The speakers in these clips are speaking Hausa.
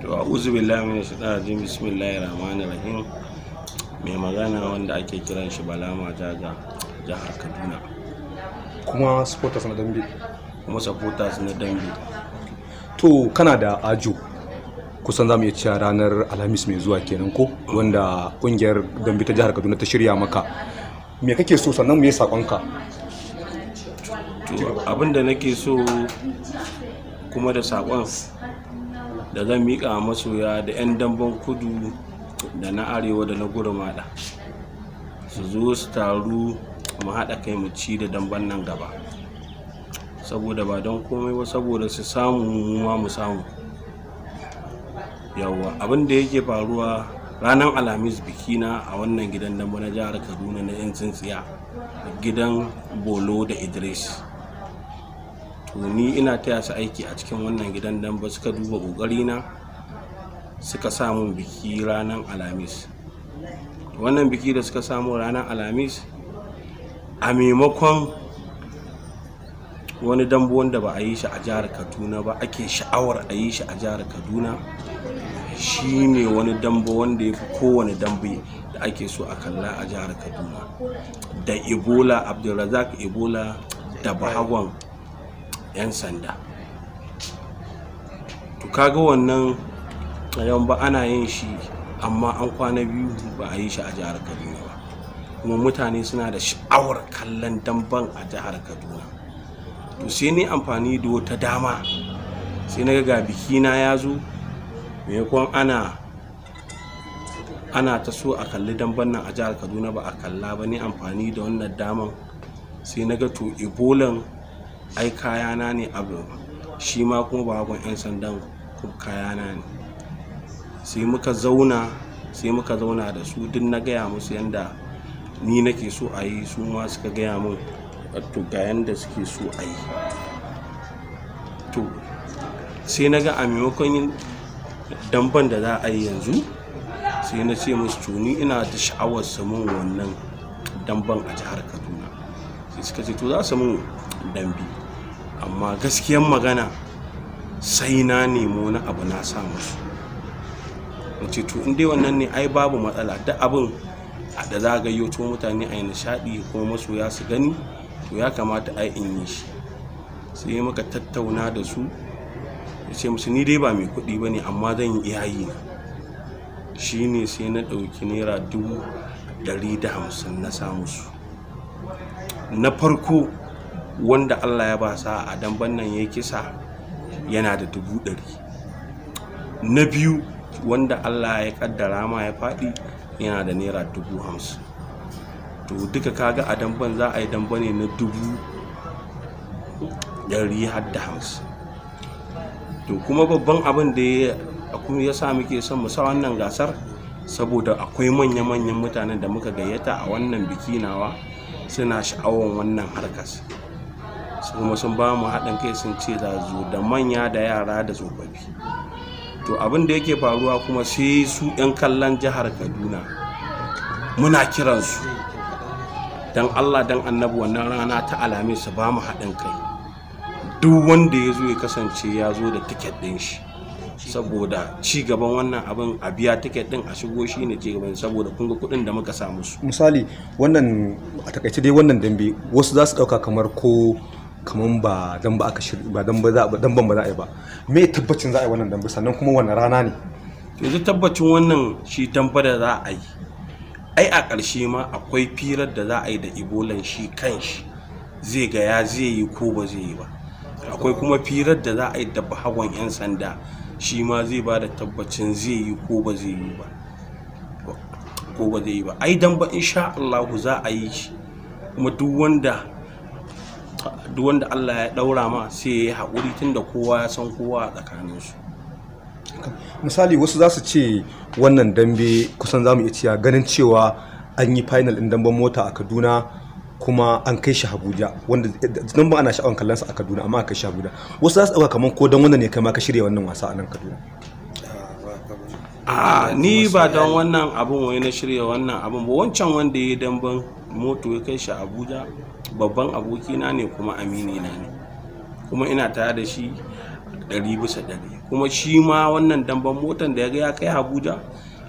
to a'udhu billahi minash shaitanir rajim bismillahir rahmanir rahim mai magana wanda ake kiran shi balama majaga jihar kaduna kuma supporters na dambe kuma supporters na dambe to kana da ajo kusan za mu iya cewa ranar alhamis mai zuwa kenan ko wanda kungiyar dambe ta jihar kaduna ta shirya maka me kake so sannan mu yi sakonka abin da nake so kuma da sakon da zan miƙa masoya da 'yan damben kudu da na arewa da na da su zo su taru mu haɗa kai mu ci da damben nan gaba saboda ba don komai ba saboda su samu mu ma mu samu yawwa abin da yake faruwa ranar alhamis bikina a wannan gidan damban na jihar kaduna na 'yan tsintsiya gidan bolo da idris to ni ina taya su aiki a cikin wannan gidan dan ba suka duba na suka samu biki ranar alhamis wannan biki da suka samu ranar alhamis a maimakon wani dambu wanda ba a yi shi a jihar kaduna ba ake sha'awar a yi shi a jihar kaduna shi ne wani dambu wanda ya fi kowane dambe da ake so a kalla a jihar kaduna da ebola abdulrazak ebola da bahagwan 'yan sanda to kaga wannan tsaron ba ana yin shi amma an kwana biyu ba a yi shi a jihar kaduna ba kuma mutane suna da sha'awar kallon damban a jihar kaduna to sai ni amfani da wata dama sai na ga biki na ya zo maimakon ana ana ta so a kalli damban nan a jihar kaduna ba a kalla ba ni amfani da wannan daman sai na ga to ebolan ai kayana ne abu shi ma kuma wakon 'yan sandan kayana ne sai muka zauna sai muka zauna da su duk na gaya musu yadda ni nake so a yi su ma suka gaya min to ga yadda suke so a yi to sai na ga a maimakon damban da za a yi yanzu sai na ce musu tuni ina da sha'awar samun wannan damban a jihar kaduna sai suka ce to za su mun danbi amma gaskiyan magana sai na nemo na abu na sa musu wace to inda wannan ne ai babu matsala da abin a da zagayo to mutane a yi nishaɗi kuma masoya su gani to ya kamata ai in yi shi sai muka tattauna da su ya ce musu ni dai ba mai kuɗi ba ne amma zan yi iyayi na shi ne sai na ɗauki naira dubu ɗari da hamsin na samu su na farko wanda Allah ya ba sa a damban nan ya kisa yana da dubu ɗari na biyu wanda Allah ya kaddara ma ya faɗi yana da naira dubu hamsin to duka kaga a damban za a yi damba ne na dubu ɗari har da hamsin to kuma babban abin da ya sa muke son musa wannan gasar saboda akwai manya-manyan mutanen da muka gayyata a wannan biki nawa suna sha'awar wannan harkas su kuma sun ba mu haɗin kai sun ce za zo da manya da yara da tsofaffi to abin da yake faruwa kuma sai su 'yan kallon jihar kaduna muna kiransu don allah don annabi wannan rana ta alame su ba mu haɗin kai duk wanda ya zo ya kasance ya zo da tiket ɗin shi saboda ci gaban wannan abin a biya tiket din a shigo shi ne ci gaban saboda kunga kuɗin da muka samu su misali wannan a takaice dai wannan dambe wasu za su ɗauka kamar ko kaman ba dan ba aka shirya ba dan ba za dan ban ba za a yi ba me tabbacin za a yi wannan dambe sannan kuma wannan rana ne yanzu tabbacin wannan shi dambe da za a yi ai a ƙarshe ma akwai firar da za a yi da ibolan shi shi zai ga ya zai yi ko ba zai yi ba akwai kuma firar da za a yi da bahagon yan sanda shi ma zai ba da tabbacin zai yi ko ba zai yi ba ko ba zai yi ba ai dan ba insha Allah za a yi shi kuma duk wanda duk wanda Allah ya daura ma sai ya haƙuri tunda kowa ya san kowa a tsakaninsu misali wasu za su ce wannan dambe kusan za mu iya cewa ganin cewa an yi final ɗin damben mota a kaduna kuma an kai shi Abuja wanda nan ba ana sha'awar kallon sa a Kaduna amma aka shi Abuja wasu za su ɗauka kaman ko dan wannan ne kai ma ka shirya wannan wasa a nan Kaduna Ah, ni ba dan wannan abin wani na shirya wannan abin ba wancan wanda ya damban moto ya kai shi Abuja babban abokina ne kuma amini na ne kuma ina tare da shi ɗari bisa ɗari kuma shi ma wannan damban motan da ya ga kai abuja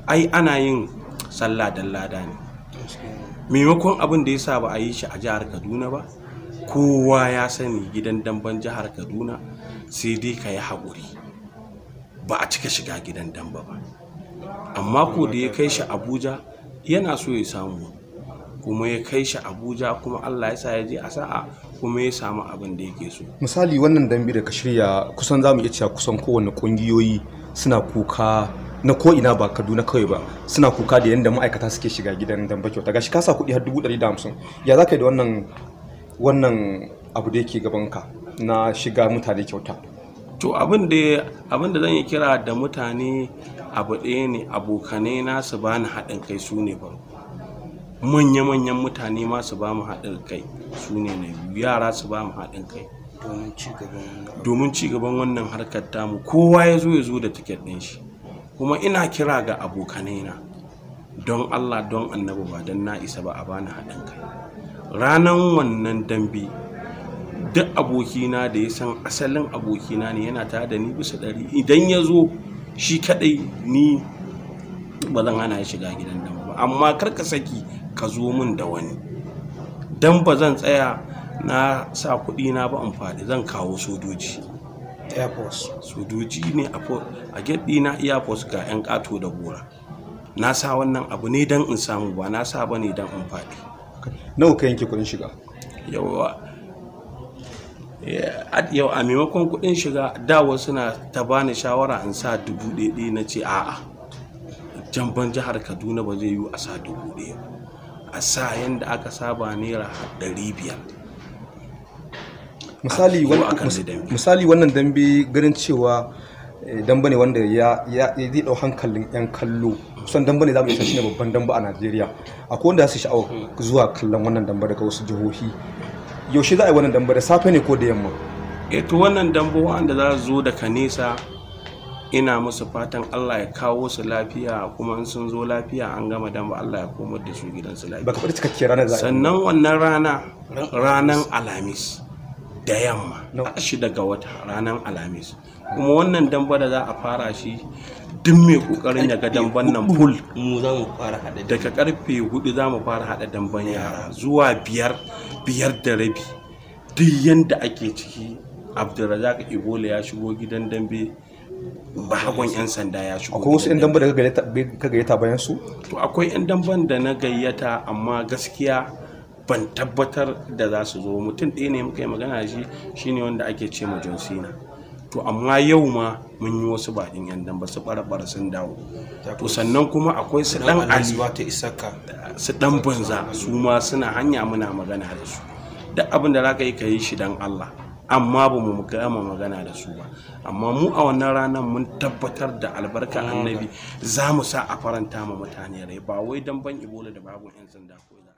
ai ana yin sallah da lada ne maimakon abin da ya sa ba a yi shi a jihar kaduna ba kowa ya sani gidan damban jihar kaduna sai dai ka yi haƙuri ba a cika shiga gidan damba ba amma ko da ya kai shi abuja yana so ya samu kuma ya kai shi abuja kuma allah ya sa ya je a sa'a kuma ya samu abin da yake so misali wannan dambe da ka shirya kusan za mu iya cewa kusan kowane kungiyoyi suna kuka na ko ina ba kaduna kawai ba suna kuka da yadda ma'aikata suke shiga gidan damba kyauta gashi kasa kuɗi har dubu ɗari da hamsin ya za ka yi da wannan wannan abu da yake gaban ka na shiga mutane kyauta to abin da abin da zan yi kira da mutane abu ɗaya ne abokanai na su bani haɗin kai su ne ba manya-manyan mutane ma su ba mu haɗin kai su ne na biyu yara su ba mu haɗin kai domin ci gaban wannan harkar tamu kowa ya zo ya zo da tiket ɗin shi kuma ina kira ga abokanaina don allah don annabi ba don na isa ba a bani haɗin kai ranar wannan dambe duk abokina da ya san asalin abokina ne yana tare da ni bisa ɗari idan ya zo shi kaɗai ni ba zan hana ya shiga gidan dama ba amma karka saki ka zo min da wani don ba zan tsaya na sa kuɗi na ba amfani zan kawo sojoji airforce sojoji ne a gyaɗi na airforce ga 'yan ƙato da gora na sa wannan abu ne don in samu ba na sa ba ne don in faɗi nawa ka yanke kuɗin shiga eh, yau a maimakon kuɗin shiga dawa suna ta bani shawara in sa dubu ɗaya na ce a'a jamban jihar kaduna ba zai yiwu a sa dubu ɗaya a sa yadda aka saba naira dari biyar misali wannan dambe ganin cewa eh, damba ne wanda ya zai dau hankalin yan kallo kusan damba ne za mu isa ne babban damba a Najeriya akwai wanda su sha'awa zuwa kallon wannan damba daga wasu jihohi yaushe za a yi wannan damba da safe ne ko da yamma eh wannan damba wanda za zo daga nesa ina musu fatan Allah ya kawo su lafiya kuma in sun zo lafiya an gama dan ba Allah ya komo da su gidansu lafiya baka fadi cikakkiyar ranar za sannan wannan rana ranan alamis da yamma shi daga wata ranan alamis kuma wannan damba da za a fara shi duk mai kokarin ya ga damban nan pool mu za mu fara hada daga karfe 4 za mu fara hada damban yara zuwa biyar biyar da rabi duk yanda ake ciki abdulrazak ibola ya shigo gidan dambe bahagon 'yan sanda ya shigo akwai wasu 'yan damba da ka gayyata bayan su to akwai 'yan damban da na gayyata amma gaskiya ban tabbatar da za su zo mutum ɗaya ne muka yi magana shi shine wanda ake ce ma john cena to amma yau ma mun yi wasu baɗin 'yan damba su ɓara sun dawo to sannan kuma akwai su ɗan ali su ɗan banza su ma suna hanya muna magana da su duk abin da za ka yi ka yi shi dan allah amma ba mu gama magana da su ba amma mu a wannan ranar mun tabbatar da albarka annabi za mu sa a faranta ma mutane rai ba wai don ban ibola da babu yan sanda ko